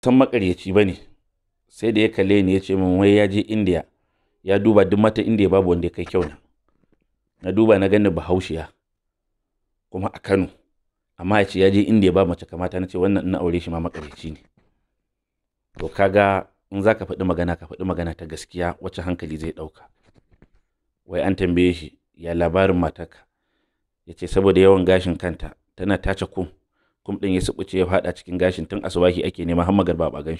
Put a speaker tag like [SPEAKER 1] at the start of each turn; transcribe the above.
[SPEAKER 1] san makaryaci bane sai da ya kalle ni ya ce min wai ya je india ya duba duk mata India babu wanda ya kai kyau na na duba na gani bahaushiya kuma a kano amma yace ya je india ba mace kamata na ce wannan ina aure shi ma makaryaci ne to kaga in za ka faɗi magana ka faɗi magana ta gaskiya wacce hankali zai ɗauka wai an tambaye shi ya labarin matarka ya ce saboda yawan gashin kanta tana tace kun kuma ɗin ya suɓuce ya faɗa cikin gashin tun asubahi ake nema
[SPEAKER 2] har magarba ba gan